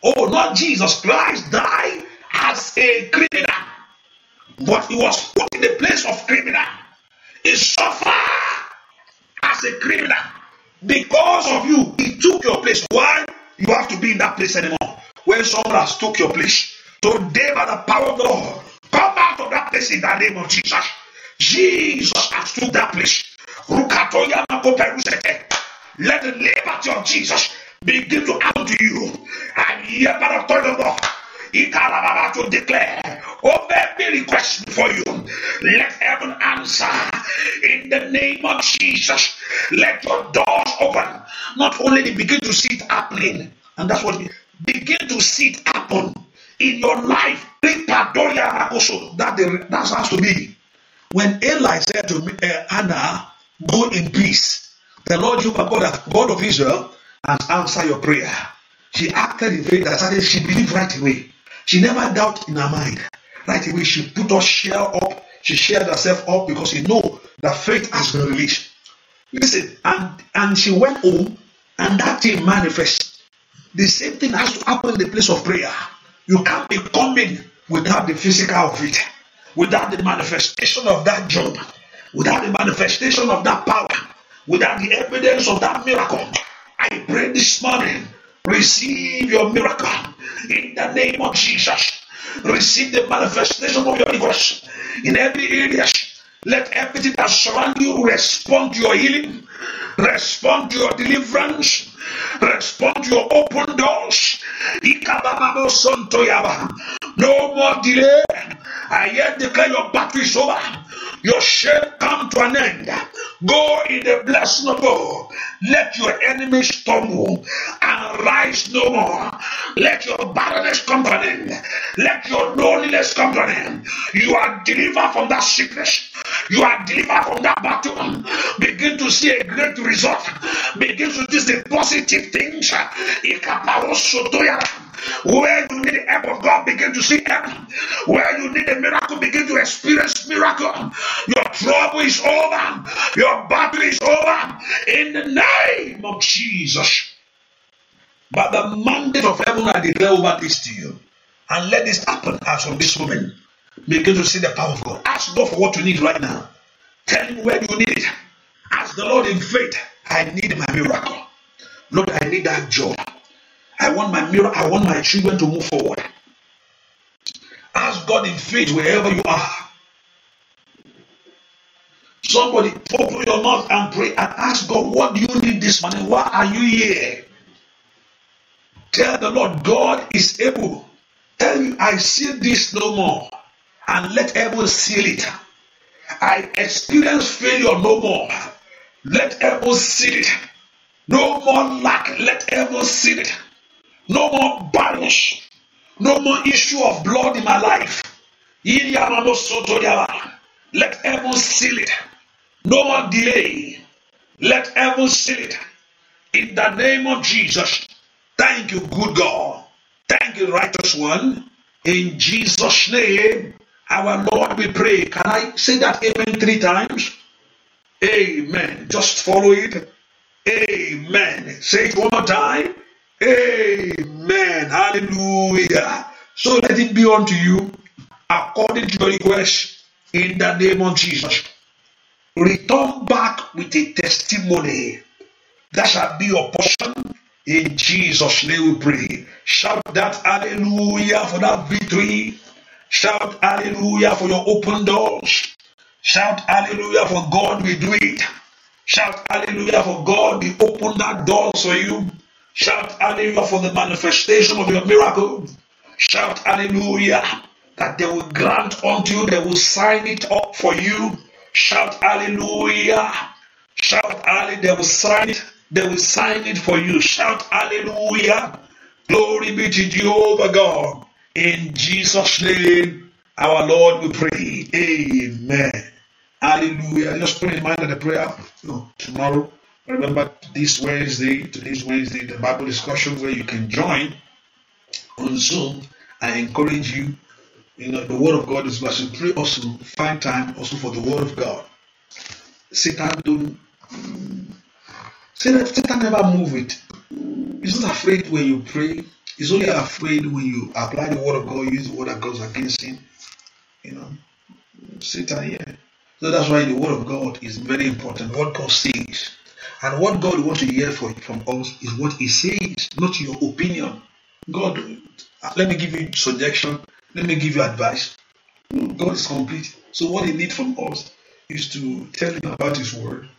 Oh, not Jesus Christ died as a criminal, but he was put in the place of criminal. He suffered as a criminal because of you. He took your place. Why? You have to be in that place anymore. When someone has took your place, today by the power of God, come out of that place in the name of Jesus. Jesus has took that place. Let the liberty of Jesus begin to come to you. And hear but Ikarababa to declare over every request before you. Let heaven answer in the name of Jesus. Let your doors open. Not only they begin to see it happening, and that's what begin to see it happen in your life. That that sounds to me. When Eli said to eh, Anna, go in peace. The Lord your God, God of Israel, has answered your prayer. She acted in faith that started, she believed right away. She never doubted in her mind. Right away, she put her share up, she shared herself up because she know that faith has been released. Listen, and, and she went home, and that thing manifests. The same thing has to happen in the place of prayer. You can't be coming without the physical of it, without the manifestation of that job, without the manifestation of that power, without the evidence of that miracle. I pray this morning, receive your miracle in the name of Jesus. Receive the manifestation of your divorce in every area Let everything that surrounds you respond to your healing, respond to your deliverance, respond to your open doors. No more delay. I yet declare your battle is over. Your shame come to an end. Go in the blessing of God. Let your enemies stumble and rise no more. Let your barrenness come to an end. Let your loneliness come to an end. You are delivered from that sickness. You are delivered from that battle. Begin to see a great result. Begin to see the positive things. Where you need the help of God, begin to see help. Where you need a miracle, begin to experience miracle. Your trouble is over. Your battle is over. In the name of Jesus. But the mandate of heaven, I declare over this to you. And let this happen as from this moment. Begin to see the power of God. Ask God for what you need right now. Tell Him where you need it. Ask the Lord in faith. I need my miracle. Lord, I need that job. I want my miracle. I want my children to move forward. Ask God in faith wherever you are. Somebody open your mouth and pray and ask God, what do you need this morning? Why are you here? Tell the Lord, God is able. Tell you, I see this no more and let heaven seal it. I experience failure no more. Let heaven seal it. No more lack. Let heaven seal it. No more banish. No more issue of blood in my life. Let heaven seal it. No more delay. Let heaven seal it. In the name of Jesus. Thank you, good God. Thank you, righteous one. In Jesus' name. Our God, we pray. Can I say that amen three times? Amen. Just follow it. Amen. Say it one more time. Amen. Hallelujah. So let it be unto you according to your request in the name of Jesus. Return back with a testimony. That shall be your portion. In Jesus' name we pray. Shout that hallelujah for that victory Shout hallelujah for your open doors. Shout hallelujah for God will do it. Shout hallelujah for God will open that door for you. Shout hallelujah for the manifestation of your miracle. Shout hallelujah that they will grant unto you, they will sign it up for you. Shout hallelujah. Shout hallelujah, they will sign it, they will sign it for you. Shout hallelujah. Glory be to Jehovah God. In Jesus' name, our Lord, we pray. Amen. Hallelujah. Just put in mind that the prayer tomorrow. Remember this Wednesday, today's Wednesday, the Bible discussion where you can join on Zoom. I encourage you. You know, the Word of God is blessed. Pray also, find time also for the Word of God. Satan don't. Mm, Satan never move it. He's not afraid when you pray He's only afraid when you apply the word of God, use the word that goes against him. You know, Satan here. Yeah. So that's why the word of God is very important. What God says. And what God wants to hear from, from us is what He says, not your opinion. God, let me give you suggestion. Let me give you advice. God is complete. So what He needs from us is to tell Him about His word,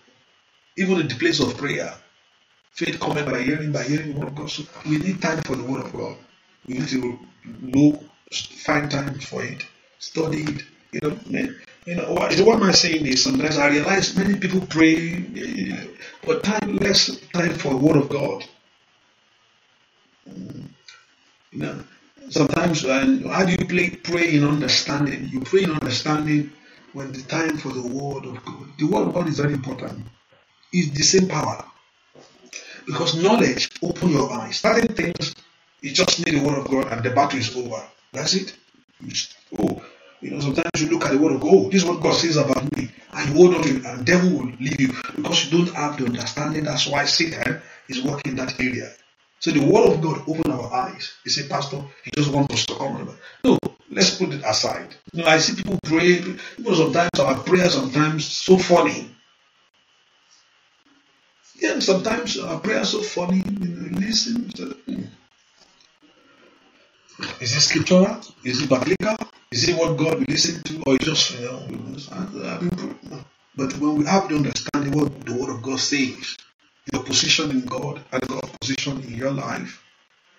even in the place of prayer. Faith cometh by hearing, by hearing the word of God. So we need time for the word of God. We need to look, find time for it, study it. You know, you know what, what am I saying is sometimes I realize many people pray, but time less time for the word of God. Mm. You know, sometimes and how do you play, pray in understanding? You pray in understanding when the time for the word of God. The word of God is very important. It's the same power. Because knowledge open your eyes. Certain things, you just need the word of God and the battle is over. That's it. Oh, you know, sometimes you look at the word of God, this is what God says about me, and you hold on to it, and the devil will leave you because you don't have the understanding. That's why Satan is working that area. So the word of God open our eyes. You say, Pastor, he just wants us to come. No, let's put it aside. You know, I see people pray, people sometimes our prayers sometimes so funny. Yeah, sometimes our prayer is so funny. You know, listen. To, hmm. Is it scriptural? Is it biblical? Is it what God will listen to, or just you know? Uh, but when we have the understanding what the Word of God says, your position in God and God's position in your life,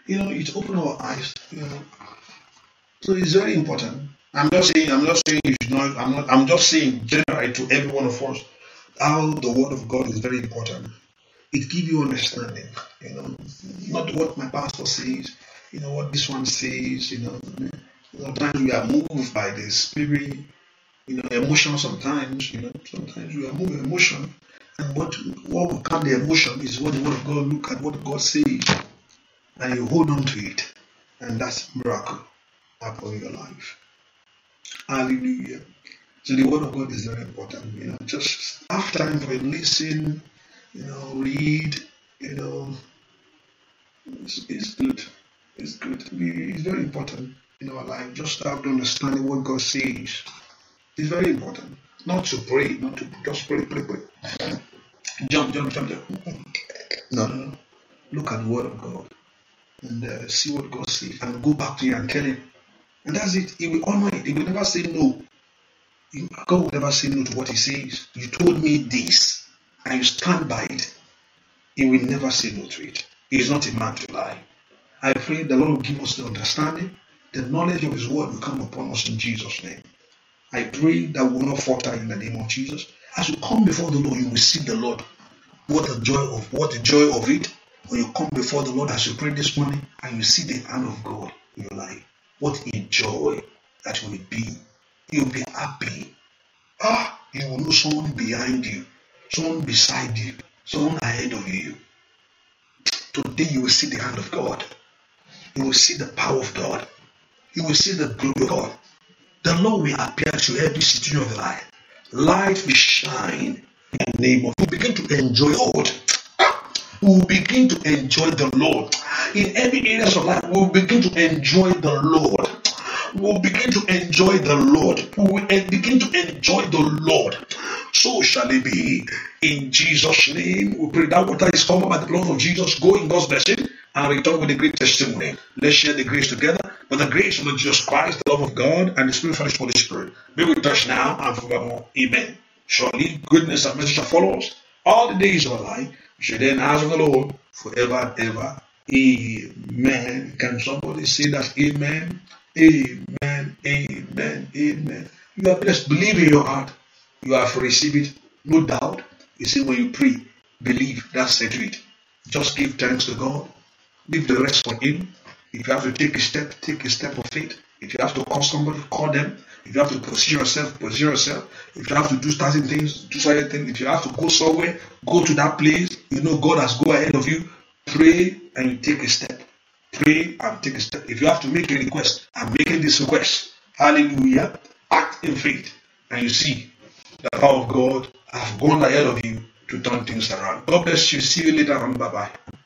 you know, it opens our eyes. You know, so it's very important. I'm not saying, I'm not saying you should not. I'm not. I'm just saying, generally, to every one of us, how the Word of God is very important it give you understanding. You know, not what my pastor says. You know what this one says. You know, sometimes we are moved by the spirit. You know, emotion. Sometimes you know, sometimes we are moved by emotion, and what what will come the emotion is what the word of God. Look at what God says, and you hold on to it, and that's miracle upon your life. Hallelujah. So the word of God is very important. You know, just have time for listening you know, read, you know, it's, it's good. It's good. It's very important in our life just to have the understanding what God says. It's very important. Not to pray, not to just pray, pray, pray. Jump, jump, jump, jump. No, no, no. Look at the Word of God and uh, see what God says and go back to Him and tell Him. And that's it. He will honor it. He will never say no. God will never say no to what He says. You told me this and you stand by it, He will never say no to it. He is not a man to lie. I pray the Lord will give us the understanding, the knowledge of His word will come upon us in Jesus' name. I pray that we will not falter in the name of Jesus. As you come before the Lord, you will see the Lord. What the joy of what the joy of it when you come before the Lord as you pray this morning and you see the hand of God in your life. What a joy that will be. You'll be happy. Ah, you will know someone behind you someone beside you, someone ahead of you. Today you will see the hand of God. You will see the power of God. You will see the glory of God. The Lord will appear to every situation of life. Light will shine in the name of. You begin to enjoy God will begin to enjoy the Lord. In every area of life, we will begin to enjoy the Lord. we will begin to enjoy the Lord. We will begin to enjoy the Lord. So shall it be. In Jesus' name, we pray that water is covered by the blood of Jesus. Go in God's blessing and return with a great testimony. Let's share the grace together. But the grace of Jesus Christ, the love of God, and the Spirit of the Holy Spirit be with us now and forevermore. Amen. Surely goodness and mercy shall follow us all the days of our life. We shall then ask the Lord forever and ever. Amen. Can somebody say that? Amen. Amen. Amen. Amen. You have just believe in your heart. You have received it. No doubt. You see, when you pray, believe. That's the it. Just give thanks to God. Leave the rest for Him. If you have to take a step, take a step of faith. If you have to call somebody, call them. If you have to position yourself, position yourself. If you have to do certain things, do certain things. If you have to go somewhere, go to that place. You know God has go ahead of you. Pray and you take a step pray and take a step. If you have to make a request, I'm making this request. Hallelujah. Act in faith. And you see the power of God have gone ahead of you to turn things around. God bless you. See you later on. Bye bye.